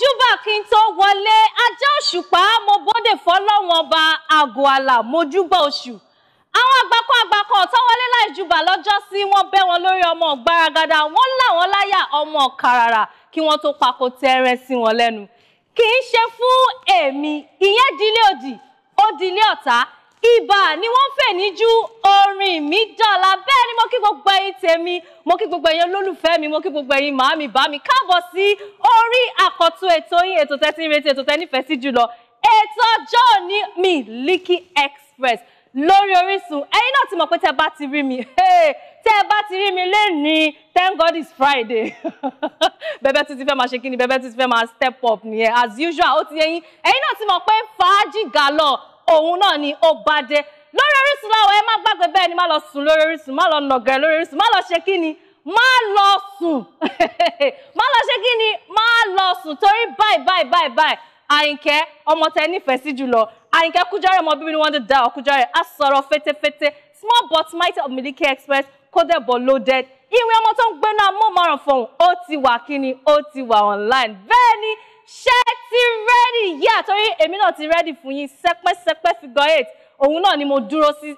júbà kí n tó wọlé ajá òṣùpá mo bóde fọlọ́wọ́n ọba àgọ́ àlà mojúbà oṣù àwọn àgbákọ́ àgbákọ́ ọ̀tọ́wọlé láì júbà lọ́jọ́ sí wọ́n bẹ́ wọn lórí ọmọ gbaragada wọ́n láwọn láyà ọmọ kàràrà kí wọ́n tó pako tẹ́rẹ́ sí wọn lẹ́nu kì í ṣe fún èmi ìyẹn dilé òdì ó dilé ọ̀tá ibà ni wọ́n fẹ́ níjú orin mi dọ̀la bẹ́ẹ̀ ni mo kí gbogbo ẹ̀yin tèmi mo kí gbogbo ẹ̀yin olólùfẹ́ mi mo kí gbogbo ẹ̀yin màámi bá mi káàbọ̀ sí orí àkọ́tún ètò yín ètò tẹ́ ti ń retí ètò tẹ́ nífẹ̀ẹ́ sí jùlọ ètò ọjọ́ òní Miliki Express lórí Orísun ẹ̀yin náà ti mọ̀ pé tẹ́ bá ti rí mi tẹ́ bá ti rí mi lẹ́ni thank God it's Friday bẹ́bẹ́ tún ti fẹ́ máa ṣe kí ni bẹ́bẹ́ tún ti fẹ́ máa step up nìyẹn as usual ó ti yẹ yín ẹ̀yin náà ti mọ̀ pé fàájì gàlọ́ òun náà ni ó bá dé lórí Orísun láwọn ẹ má gbàgbé ni má lọ sùn lórí Orísun má lọ nàgẹ̀ lórí Orísun má lọ ṣe kí ni má lọ sùn má lọ ṣe kí ni má lọ sùn torí báyìí báyìí báyìí báyìí ọmọ tẹ nífẹ̀ẹ́ sí jùlọ àyìnkẹ́ kújọ́rẹ́ ọmọ bíbí ni wọ́n fetefete small but might of Miliki Express loaded ìwé ọmọ tó ń fọ̀hún ó ti wà kíni ó ti wà online bẹ́ẹ̀ ni torí èmi náà ti rẹ́dì fún yín sẹ́pẹ́sẹ́pẹ́ figure eight òun náà ni mo dúró sí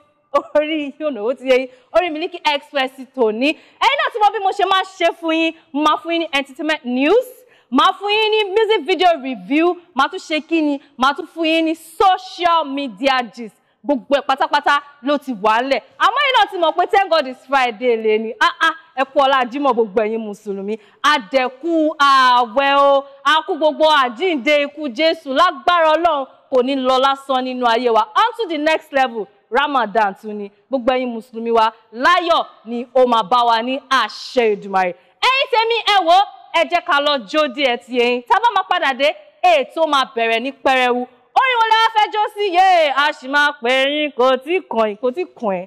orí yóò ó ti yẹ yín orí Miliki Express tòní ẹ̀yin náà ti mọ bí mo ṣe máa ṣe fún yín máa fún yín ní entertainment news máa fún yín ní music video review máa tún ṣe kí ni máa tún fún yín ní social media gist gbogbo ẹ̀ pátápátá ló ti wà á lẹ̀ àmọ́ yín náà ti mọ̀ pé thank God is Friday lè ah ah ẹ kú ọlá Jímọ̀ gbogbo ẹ̀yin mùsùlùmí àdẹ̀kù ààwẹ̀ o àkú gbogbo àjíǹde ikú Jésù lágbára Ọlọ́run kò ní lọ lásán nínú ayé wa on to the next level Ramadan tún ni gbogbo ẹ̀yin mùsùlùmí wa láyọ̀ ni ó máa bá wa ní àṣẹ Èdùmàrè ẹ̀yin tèmi ẹ wò ẹ jẹ́ ká lọ jó díẹ̀ ti ẹ̀yin tá a bá máa padà dé ètò máa bẹ̀rẹ̀ ní pẹrẹwu orin wọn lẹ́wọ́ jó sí yé a sì máa pè é yín kò tí kàn yín kò tí kàn ẹ́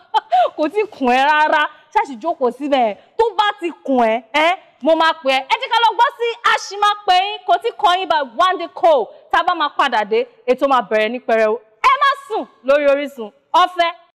kò tí kàn ẹ́ rárá ṣàṣì jókòó síbẹ̀ tó bá ti kùn ẹ́ ẹ́ mo máa pè ẹ́ ẹ jẹ́ ká lọ gbọ́ sí àṣìmápẹ́yìn kò tí kọyìn by Wande Coal tá a bá máa padà dé ètò máa bẹ̀rẹ̀ ní pẹrẹu ẹ má sùn lórí Orísun ọ̀fẹ́